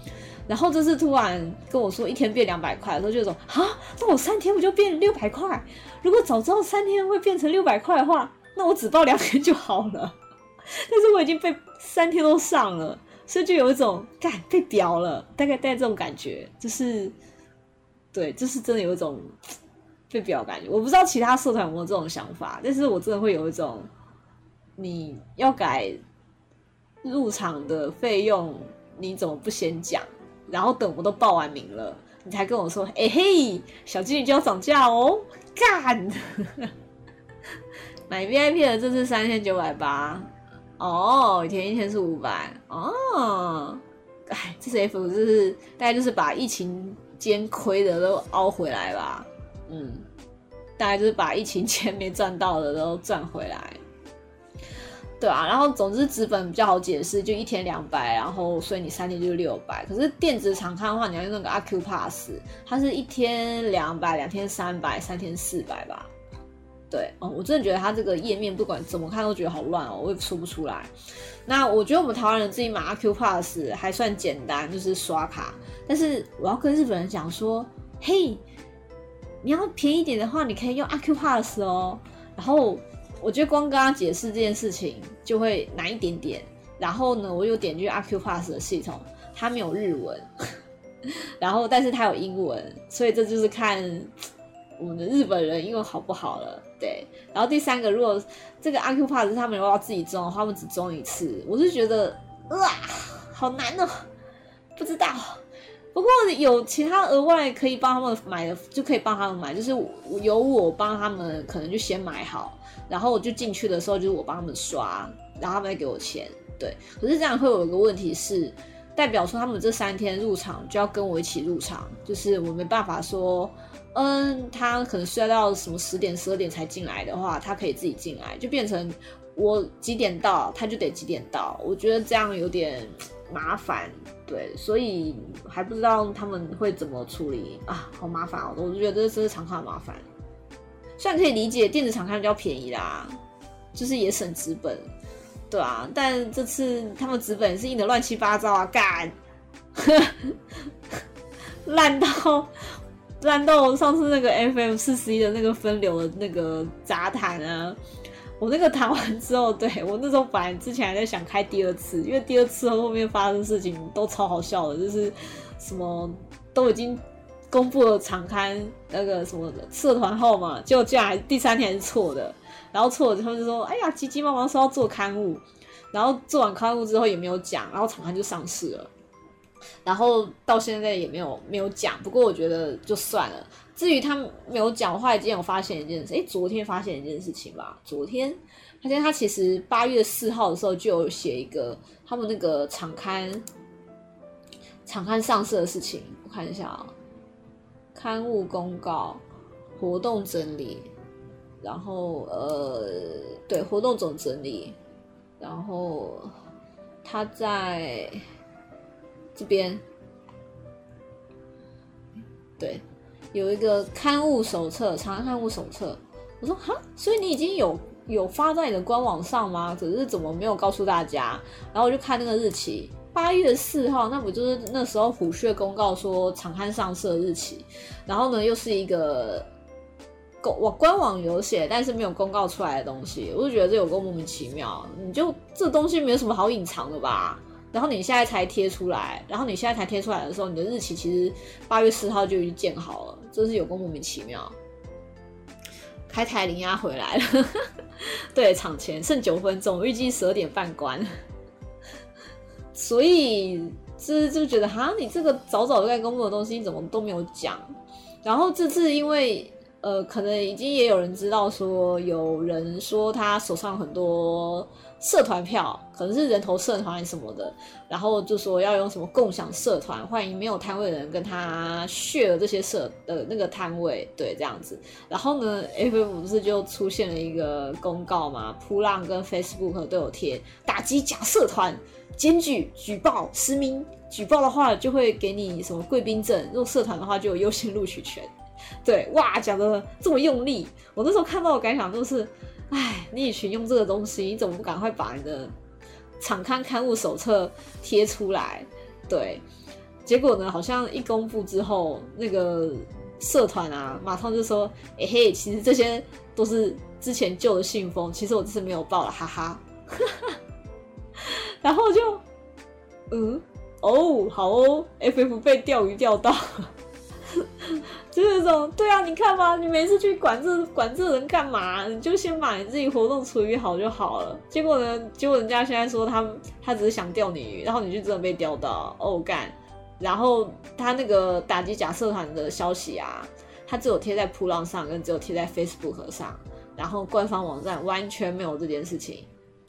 然後這次突然跟我說一天變兩百塊的時候，然後就有種啊，那我三天不就變六百塊？如果早知道三天會變成六百塊的話，那我只報兩天就好了。但是我已經被三天都上了，所以就有一種幹被屌了，大概帶這種感覺，就是對，就是真的有一種被屌感覺。我不知道其他社團有沒有這種想法，但是我真的會有一種你要改入場的費用，你怎麼不先講？然後等我都報完名了，你才跟我說：“哎、欸、嘿，小金魚就要漲價哦，幹！呵呵買 VIP 的這次三千九百八，哦，以前一天是五百，哦，哎，這是 F5，這是大概就是把疫情間虧的都凹回來吧，嗯，大概就是把疫情前沒賺到的都賺回來。”對啊，然後總之紙本比較好解釋，就一天兩百，然後所以你三天就六百。可是電子場刊的話，你要用那個阿 Q Pass，它是一天兩百，兩天三百，三天四百吧。對，哦，我真的覺得它這個頁面不管怎麼看都覺得好亂哦，我也說不出來。那我覺得我們台灣人自己買阿 Q Pass 還算簡單，就是刷卡。但是我要跟日本人講說，嘿，你要便宜點的話，你可以用阿 Q Pass 哦，然後。我覺得光跟他解釋這件事情就會難一點點。然後呢，我又點進阿 Q p a s 的系統，他沒有日文，呵呵，然後但是他有英文，所以這就是看我們的日本人英文好不好了。對。然後第三個，如果這個阿 Q p a u s 他們如果要自己裝的話，他們只裝一次，我是覺得哇、呃，好難哦，不知道。不過有其他額外可以幫他們買的，就可以幫他們買，就是由我幫他們，可能就先買好。然後我就進去的時候，就是我幫他們刷，然後他們再給我錢，對。可是這樣會有一個問題是，代表說他們這三天入場就要跟我一起入場，就是我沒辦法說，嗯，他可能睡到什麼十點、十二點才進來的話，他可以自己進來，就變成我幾點到他就得幾點到，我覺得這樣有點麻煩，對。所以還不知道他們會怎麼處理啊，好麻煩哦，我就覺得這是常常麻煩。雖然可以理解，電子廠開比較便宜啦，就是也省紙本，對啊。但這次他們紙本是印的亂七八糟啊，幹爛 *laughs* 到爛到我上次那個 FM 41的那個分流的那個雜談啊，我那個談完之後，對，我那時候本來之前還在想開第二次，因為第二次後面發生事情都超好笑的，就是什麼都已經。公布了場刊那個什麼的社團號嘛，就竟然還第三天還是錯的，然後錯，他們就說：“哎呀，急急忙忙說要做刊物，然後做完刊物之後也沒有講，然後場刊就上市了，然後到現在也沒有沒有講。不過我覺得就算了。至於他們沒有講話，已經有發現一件事，哎，欸，昨天發現一件事情吧，昨天發現他其實八月四號的時候就有寫一個他們那個場刊，場刊上市的事情，我看一下啊，喔。”刊物公告、活動整理，然後呃，對，活動總整理，然後他在這邊，對，有一個刊物手冊，長安刊物手冊。我說哈，所以你已經有有發在你的官網上嗎？可是怎麼沒有告訴大家？然後我就看那個日期。八月四號，那不就是那時候虎穴公告說場刊上色的日期，然後呢，又是一個公，我官網有寫，但是沒有公告出來的東西，我就覺得這有夠莫名其妙。你就這東西沒有什麼好隱藏的吧？然後你現在才貼出來，然後你現在才貼出來的時候，你的日期其實八月四號就已經建好了，真是有夠莫名其妙。開台靈壓回來了， *laughs* 對，場前剩九分鐘，預計十二點半關。所以，就就覺得哈，你這個早早都該公布的東西，怎麼都沒有講。然後這次因為，呃，可能已經也有人知道說，說有人說他手上很多社團票，可能是人頭社團什麼的。然後就說要用什麼共享社團，歡迎沒有攤位的人跟他 share 這些社呃，那個攤位，對，這樣子。然後呢，FF 不是就出現了一個公告嘛，噗浪跟 Facebook 都有貼，打擊假社團。檢舉舉報實名舉報的話，就會給你什麼貴賓證？如果社團的話就有優先錄取權。對哇，講得這麼用力，我那時候看到我感想就是，哎，你以前用這個東西，你怎麼不趕快把你的場刊刊物手冊貼出來？對，結果呢，好像一公布之後，那個社團啊，馬上就說，哎、欸、嘿，其實這些都是之前舊的信封，其實我這次沒有報了，哈哈。 *laughs* 然後就，嗯，oh, 哦，好哦，F F 被釣魚釣到， *laughs* 就是這種，對啊，你看嘛，你每次去管這管這人幹嘛？你就先把你自己活動處理好就好了。結果呢，結果人家現在說他他只是想釣你魚，然後你就真的被釣到，哦、oh, 幹！然後他那個打擊假社團的消息啊，他只有貼在噗浪上，跟只有貼在 Facebook 上，然後官方網站完全沒有這件事情，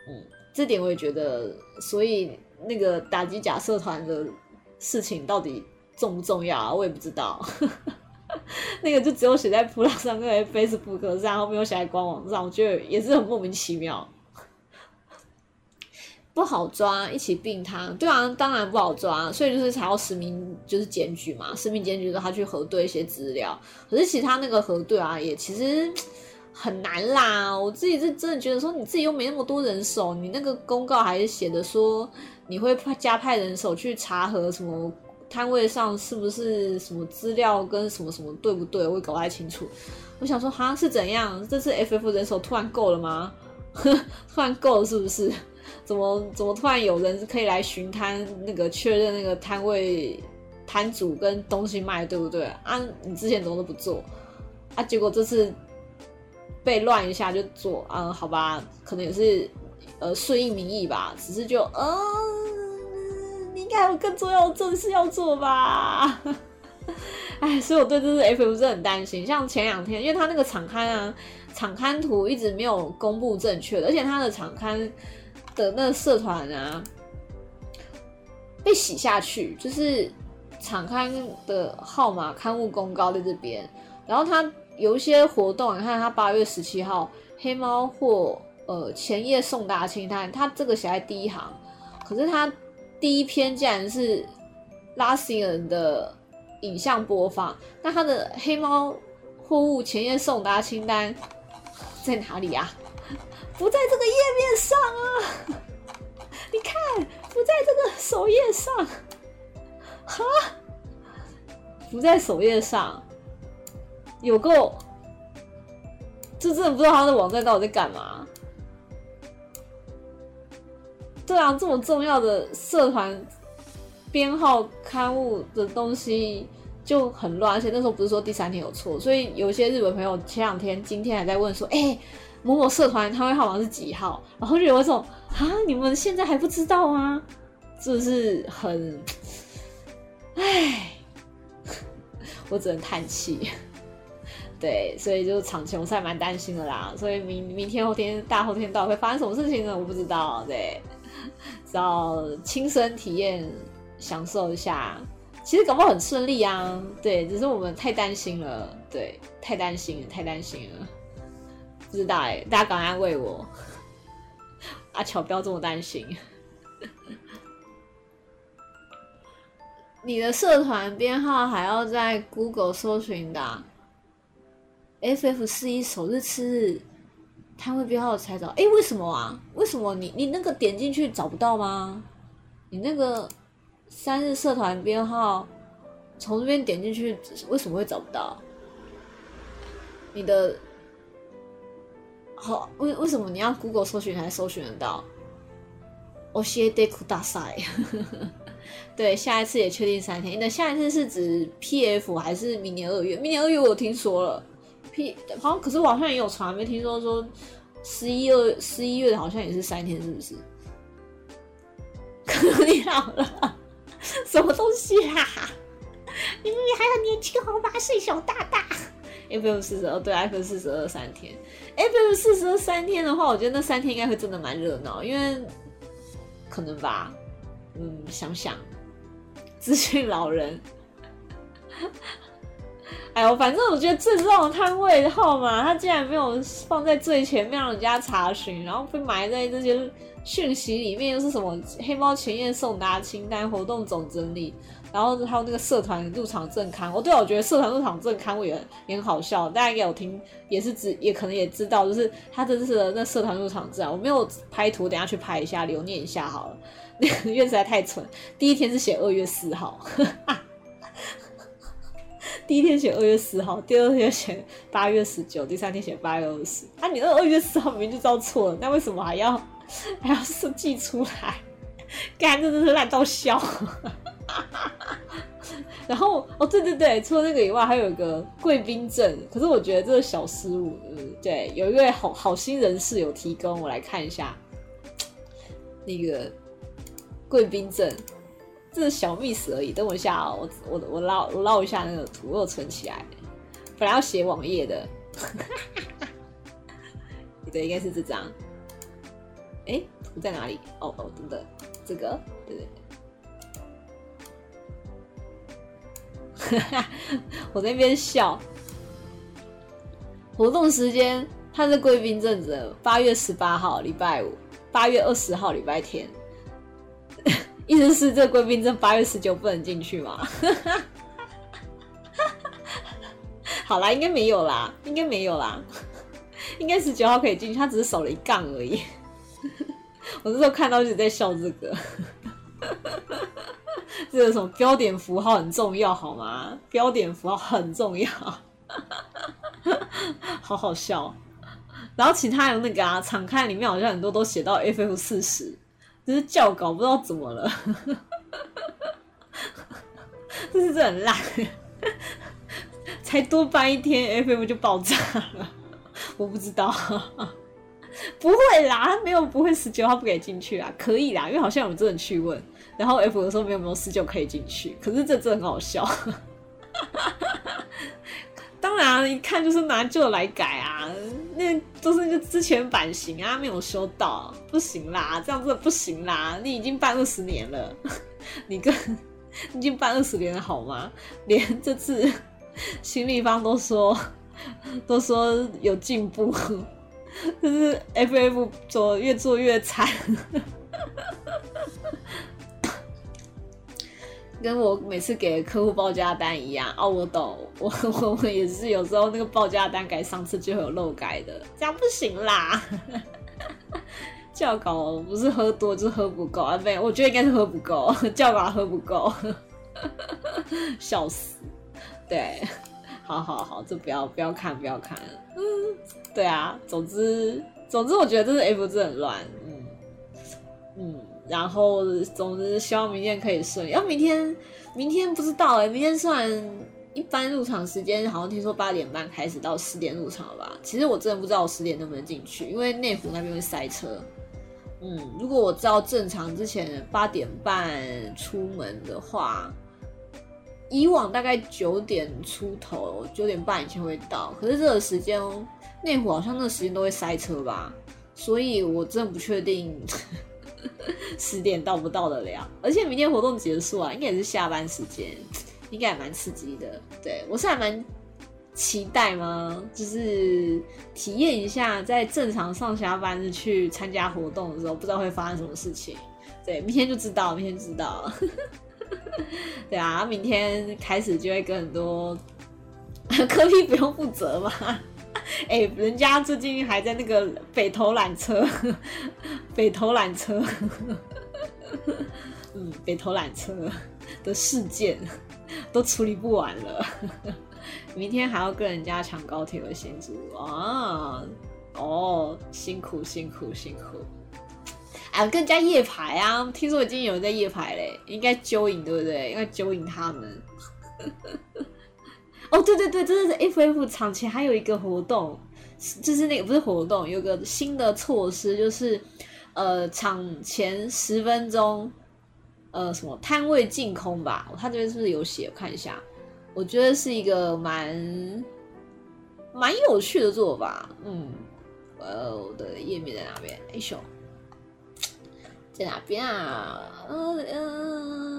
嗯。這點我也覺得，所以那個打擊假社團的事情到底重不重要啊？我也不知道。 *laughs* 那個就只有寫在噗浪上跟 Facebook 上，然後沒有寫在官網上，我覺得也是很莫名其妙， *laughs* 不好抓。一起併他，對啊，當然不好抓，所以就是才要實名，就是檢舉嘛，實名檢舉他去核對一些資料。可是其他那個核對啊，也其實。很難啦，我自己是真的覺得說，你自己又沒那麼多人手，你那個公告還是寫的說你會派加派人手去查核什麼攤位上是不是什麼資料跟什麼什麼對不對？我也搞不太清楚。我想說蛤是怎樣？這次 FF 人手突然夠了嗎？ *laughs* 突然夠是不是？怎麼怎麼突然有人可以來巡攤那個確認那個攤位攤主跟東西賣對不對啊？你之前怎麼都不做啊？結果這次。被亂一下就做啊、嗯？好吧，可能也是呃順應民意吧。只是就嗯，哦，、你應該還有更重要的正事要做吧。哎， *laughs* 所以我對這支 FF 是很擔心。像前兩天，因為他那個場刊啊，場刊圖一直沒有公布正確的，而且他的場刊的那個社團啊被洗下去，就是場刊的號碼、刊物公告在這邊，然後他。有一些活動，你看他八月十七號黑貓貨呃前夜送達清單，他這個寫在第一行，可是他第一篇竟然是 Lasting 的影像播放，那他的黑貓貨物前夜送達清單在哪裡呀？啊？不在這個頁面上啊！ *laughs* 你看，不在這個首頁上，哈， *laughs* 不在首頁上。有夠，就真的不知道他的網站到底在幹嘛。對啊，這麼重要的社團編號刊物的東西就很亂，而且那時候不是說第三天有錯，所以有些日本朋友前兩天、今天還在問說：“哎、欸，某某社團他號碼是幾號？”然後就有一種啊，你們現在還不知道嗎，是不是很……唉，我只能嘆氣。對，所以就是場前我還蠻擔心的啦，所以明，明天後天大後天到底會發生什麼事情呢？我不知道，對，只要親身體驗，享受一下。其實搞不好很順利啊，對，只是我們太擔心了，對，太擔心了，太擔心了，不知道哎、欸，大家趕快安慰我，阿巧不要這麼擔心，你的社團編號還要在 Google 搜尋的、啊。FF 41首日次日攤位編號查找，誒、欸，為什麼啊？為什麼你你那個點進去找不到嗎？你那個三日社團編號從這邊點進去，為什麼會找不到？你的好為為什麼你要 Google 搜尋才搜尋得到？Osie d e k 大賽， *laughs* 對，下一次也確定三天。你的下一次是指 PF 還是明年二月？明年二月我聽說了。好像可是我好像也有查，沒聽說說十一二十一月好像也是三天，是不是？可能 *laughs* 你老了，什麼東西啊？你你還有年輕好發是熊大大 FF42 對，FF42 三天。FF42 三天的話，我覺得那三天應該會真的蠻熱鬧，因為可能吧，嗯，想想資訊老人。哎呦，反正我覺得最重要的攤位的號碼，他竟然沒有放在最前面讓人家查詢，然後被埋在這些訊息裡面，又是什麼黑貓前夜送達清單活動總整理，然後還有那個社團入場證刊。我、哦、對，我覺得社團入場證刊我也，也很好笑，大家也有聽，也是指也可能也知道，就是他真的是那社團入場證啊，我沒有拍圖，等一下去拍一下留念一下好了。那個月實在太蠢，第一天是寫二月四號。呵呵第一天寫二月十號，第二天寫八月十九，第三天寫八月二十。啊，你二二月十號明明就知道錯了，那為什麼還要還要設計出來？幹，這是這爛到笑！ *laughs* 然後，哦，對對對，除了這個以外，還有一個貴賓證。可是我覺得這個小失誤，對，有一位好好心人士有提供，我來看一下那個貴賓證。是小秘書而已，等我一下、哦，我我我撈我撈一下那個圖，我存起來。本來要寫網頁的， *laughs* 對，應該是這張。誒、欸，圖在哪裡？哦哦，等等，這個，對對對。 *laughs* 我那邊笑。活動時間，它是貴賓政子，八月十八號，禮拜五；八月二十號，禮拜天。意思是這貴賓證八月十九不能進去嗎？ *laughs* 好啦，應該沒有啦，應該沒有啦， *laughs* 應該十九號可以進去，他只是少了一槓而已。 *laughs* 我這時候看到一直在笑這個， *laughs* 這個什麼標點符號很重要好嗎？標點符號很重要， *laughs* 好好笑。然後其他有那個啊，場刊裡面好像很多都寫到 FF 四十。只是叫稿不知道怎麼了， *laughs* 這是這很爛， *laughs* 才多搬一天 FF 就爆炸了， *laughs* 我不知道， *laughs* 不會啦，沒有不會十九號不給進去啊，可以啦，因為好像有真人去問，然後 F 的時候沒有，沒有十九可以進去，可是這真的很好笑， *laughs* 當然一看就是拿舊的來改啊。那都是個之前版型啊，沒有收到，不行啦，這樣子不行啦。你已經辦二十年了，你跟你已經辦二十年了好嗎？連這次新立方都說，都說有進步，但、就是 FF 做越做越慘。 *laughs* 跟我每次給客戶報價單一樣哦，我懂，我我也是有時候那個報價單改，上次就會有漏改的，這樣不行啦！ *laughs* 校稿不是喝多就是喝不夠啊？沒我覺得應該是喝不夠，校稿喝不夠，， *laughs* 笑死！對，好好好，就不要不要看不要看，嗯，對啊，總之總之我覺得這是 F 字很亂，嗯嗯。然後，總之希望明天可以順利。然、啊、後明天，明天不知道哎、欸。明天算一般入場時間好像聽說八點半開始到十點入場吧。其實我真的不知道我十點能不能進去，因為內湖那邊會塞車。嗯，如果我知道正常之前八點半出門的話，以往大概九點出頭、九點半以前會到。可是這個時間、哦，內湖好像那個時間都會塞車吧，所以我真的不確定。 *laughs* 十點到不到的了，而且明天活動結束啊，應該也是下班時間，應該也蠻刺激的。對，我是還蠻期待嗎？就是體驗一下在正常上下班去參加活動的時候，不知道會發生什麼事情。對，明天就知道，明天就知道。 *laughs* 對啊，明天開始就會跟很多，科技不用負責嘛。哎、欸，人家最近還在那個北投纜車、北投纜車，嗯，北投纜車的事件都處理不完了，明天還要跟人家搶高鐵的先機啊！哦，辛苦辛苦辛苦！哎、更、啊、加夜排啊，聽說已經有人在夜排嘞，應該揪贏對不對？應該揪贏他們。哦，對對對，這是 FF 場前還有一個活動，就是那個不是活動，有個新的措施，就是呃場前十分鐘，呃什麼攤位淨空吧？哦、他這邊是不是有寫？我看一下，我覺得是一個蠻蠻有趣的做法，嗯。我的頁面在哪邊？哎、欸、呦，在哪邊啊？嗯。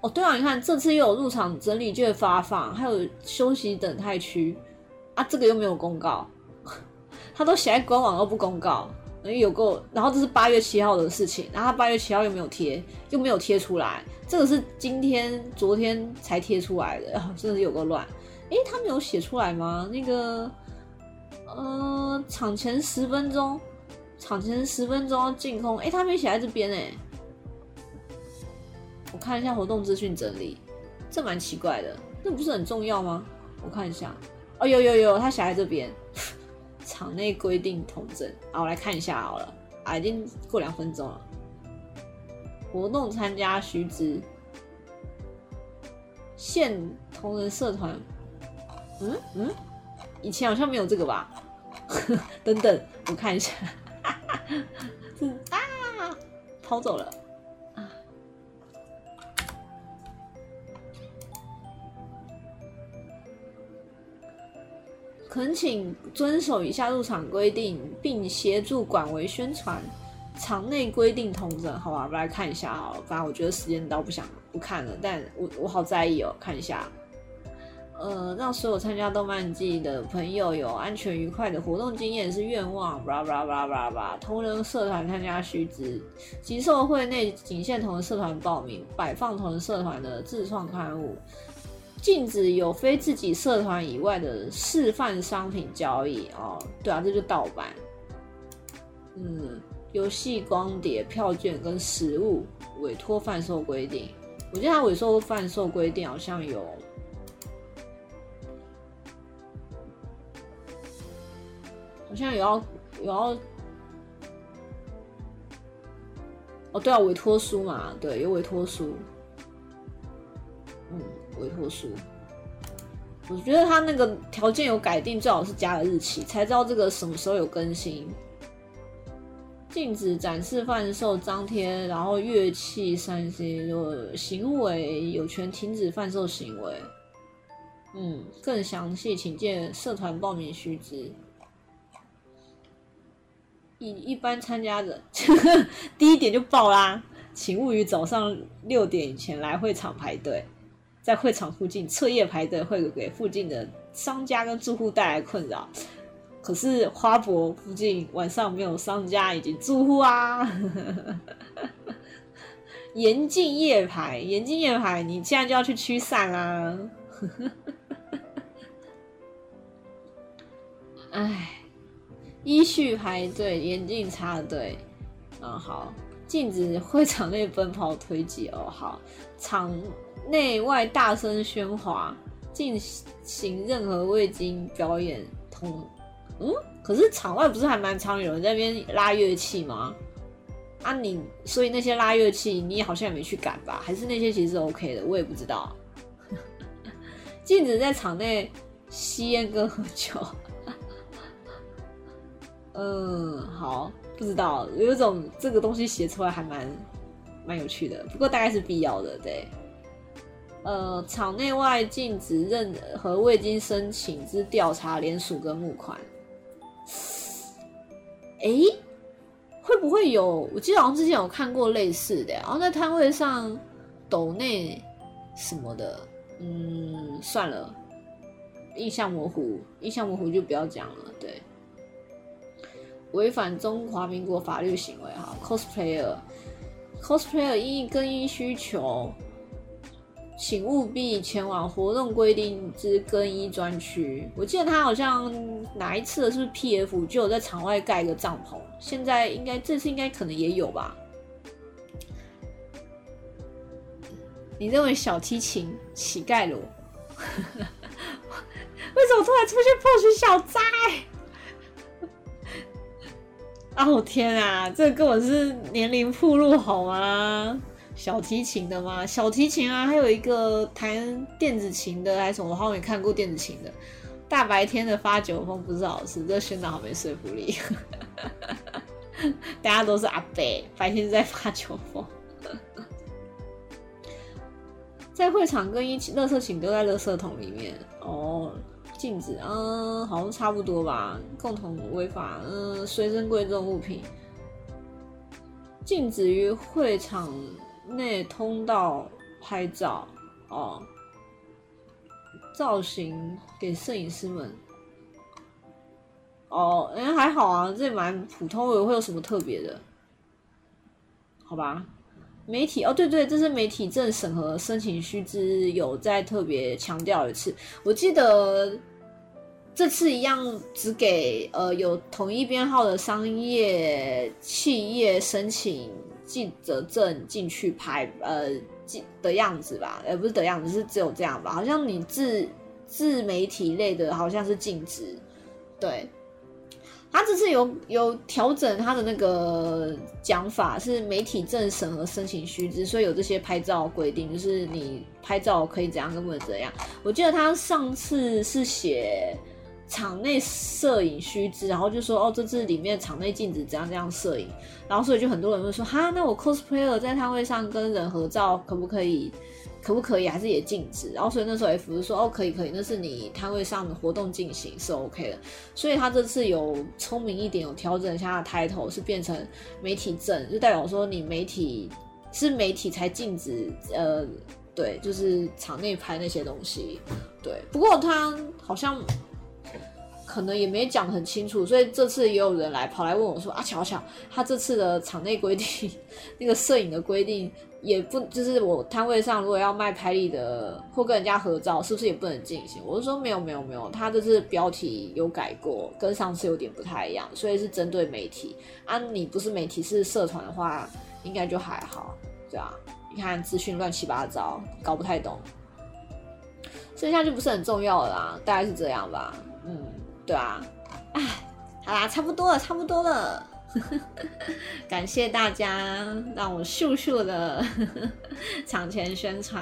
哦，對啊，你看這次又有入場整理券發放，還有休息等待區啊，這個又沒有公告，他都寫在官網又不公告，有夠！然後這是八月七號的事情，然後八月七號又沒有貼，又沒有貼出來，這個是今天昨天才貼出來的，真的是有夠亂！哎，他沒有寫出來嗎？那個，呃，場前十分鐘，場前十分鐘淨空，哎，他沒寫在這邊呢。我看一下活動資訊整理，這蠻奇怪的，那不是很重要嗎？我看一下，哦，有有有，他寫在這邊， *laughs* 場內規定統整，啊我來看一下好了，啊已經過兩分鐘了，活動參加須知，現同仁社團，嗯嗯，以前好像沒有這個吧， *laughs* 等等我看一下， *laughs* 啊逃走了。懇請遵守以下入場規定，並協助廣為宣傳場內規定。同仁，好吧，我們來看一下好了，反正我覺得時間到，不想不看了，但我我好在意哦，看一下。呃，讓所有參加動漫祭的朋友有安全愉快的活動經驗是願望。同人社團參加須知：集售會內僅限同人社團報名，擺放同人社團的自創刊物。禁止有非自己社團以外的示範商品交易哦，對啊，這就盜版。嗯，遊戲光碟、票券跟實物委託販售規定，我記得他委託販售規定好像有，好像也要也要。哦，對啊，委託書嘛，對，有委託書。委託書，我覺得他那個條件有改定，最好是加了日期，才知道這個什麼時候有更新。禁止展示、販售、張貼，然後樂器 C，有、三 C，就行為有權停止販售行為。嗯，更詳細，請見社團報名須知。一一般參加者， *laughs* 第一點就爆啦，請勿於早上六點以前來會場排隊。在會場附近徹夜排隊會給附近的商家跟住戶帶來困擾，可是花博附近晚上沒有商家以及住戶啊， *laughs* 嚴禁夜排，嚴禁夜排，你現在就要去驅散啊。 *laughs* 唉，依序排隊，嚴禁插隊，啊，好，禁止會場內奔跑推擠哦，好，場內外大聲喧嘩，進行任何未經表演同，嗯，可是場外不是還蠻常有人在那邊拉樂器嗎？啊你，你所以那些拉樂器，你好像也沒去趕吧？還是那些其實是 OK 的，我也不知道。 *laughs* 禁止在場內吸煙跟喝酒。 *laughs* 嗯，好，不知道，有一種這個東西寫出來還蠻蠻有趣的，不過大概是必要的，對。呃，場內外禁止任何未經申請之調查、聯署跟募款。哎、欸，會不會有？我記得好像之前有看過類似的，然後在攤位上抖內什麼的。嗯，算了，印象模糊，印象模糊就不要講了。對，違反中華民國法律行為哈，cosplayer，cosplayer Cos 因更衣需求。請務必前往活動規定之更衣專區。我記得他好像哪一次是不是 P F 就有在場外蓋一個帳篷，現在應該這次應該可能也有吧？你認為小提琴乞丐羅？了我 *laughs* 為什麼突然出現破水小災啊，我天啊，這跟、個、根本是年齡暴露好嗎？小提琴的嗎？小提琴啊，還有一個彈電子琴的，還是什麼？我好像也看過電子琴的。大白天的發酒瘋，不是好事。這宣導好沒說服力。 *laughs* 大家都是阿北，白天在發酒瘋。 *laughs* 在會場跟一起，樂色請都在樂色桶裡面哦。禁止，嗯，好像差不多吧。共同違法，嗯，隨身貴重物品，禁止於會場。內通道拍照哦，造型給攝影師們哦，哎、欸、還好啊，這蠻普通的，會有什麼特別的？好吧，媒體哦，對，對對，這是媒體證審核申請須知，有再特別強調一次，我記得這次一樣只給呃有同一編號的商業企業申請。記者證進去拍，呃，記的樣子吧，也不是的樣子，是只有這樣吧？好像你自自媒體類的，好像是禁止。對，他這次有有調整他的那個講法，是媒體證審核申請須知，所以有這些拍照規定，就是你拍照可以怎樣，跟不能怎樣。我記得他上次是寫。場內攝影須知，然後就說哦，這次裡面的場內禁止這樣這樣攝影，然後所以就很多人會說哈，那我 cosplayer 在攤位上跟人合照可不可以？可不可以？還是也禁止？然後所以那時候 F 是說哦，可以可以，那是你攤位上的活動進行是 OK 的。所以他這次有聰明一點，有調整一下他的抬頭，是變成媒體證，就代表說你媒體是媒體才禁止呃，對，就是場內拍那些東西。對，不過他好像。可能也沒講得很清楚，所以這次也有人來跑來問我說啊，巧巧，他這次的場內規定， *laughs* 那個攝影的規定也不，就是我攤位上如果要賣拍立得或跟人家合照，是不是也不能進行？我就說沒有沒有沒有，他這次標題有改過，跟上次有點不太一樣，所以是針對媒體啊，你不是媒體是社團的話，應該就還好，對啊，你看資訊亂七八糟，搞不太懂，剩下就不是很重要了啦，大概是這樣吧，嗯。對啊，哎，好啦，差不多了，差不多了呵呵。感謝大家讓我秀秀的場前宣傳，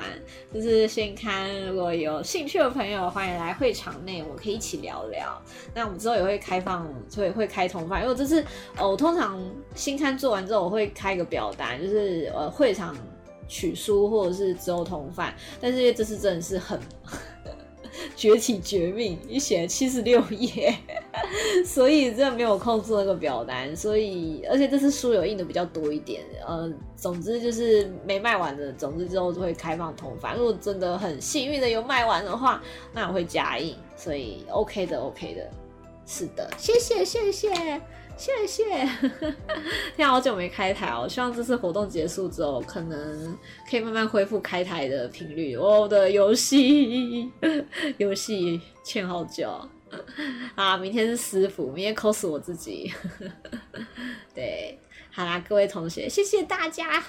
就是新刊，如果有興趣的朋友，歡迎來會場內，我可以一起聊聊。那我們之後也會開放，所以會開通販，因為這是，哦，我通常新刊做完之後，我會開一個表單，就是呃，會場取書或者是只有通販，但是因為這次真的是很。崛起絕命，你寫了七十六頁， *laughs* 所以真的沒有空做那個表單，所以而且這次書有印的比較多一點，呃，總之就是沒賣完的，總之之後就會開放通販。如果真的很幸運的有賣完的話，那我會加印，所以 OK 的 OK 的，是的，謝謝謝謝，謝謝謝謝，天啊，好久沒開台哦，希望這次活動結束之後，可能可以慢慢恢復開台的頻率。哦、我的遊戲遊戲欠好久啊，明天是師傅，明天 cos 我自己。對，好啦，各位同學，謝謝大家。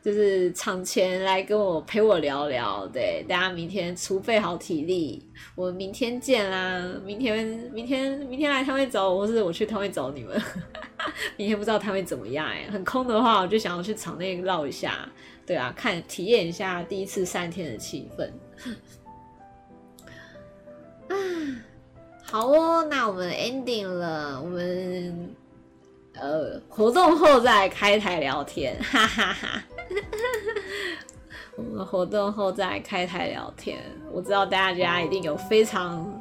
就是場前來跟我陪我聊聊，對，大家明天儲備好體力，我們明天見啦！明天，明天，明天來攤位找我，或是我去攤位找你們呵呵。明天不知道攤位怎麼樣哎、欸，很空的話，我就想要去場內繞一下，對啊，看體驗一下第一次三天的氣氛。好哦，那我們 ending 了，我們呃、oh. 活動後再來開台聊天，哈哈哈，哈。 *laughs* 我們活動後再開台聊天，我知道大家一定有非常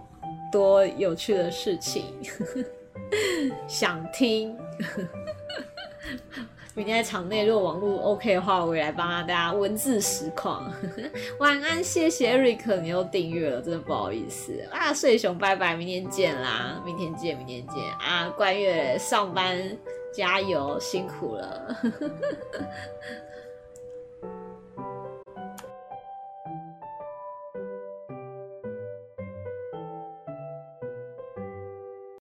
多有趣的事情想聽。明天在場內如果網絡 OK 的話，我也來幫大家文字實況。晚安，謝謝 Eric，你又訂閱了，真的不好意思。啊，睡熊，拜拜，明天見啦！明天見，明天見。啊，關月上班加油，辛苦了。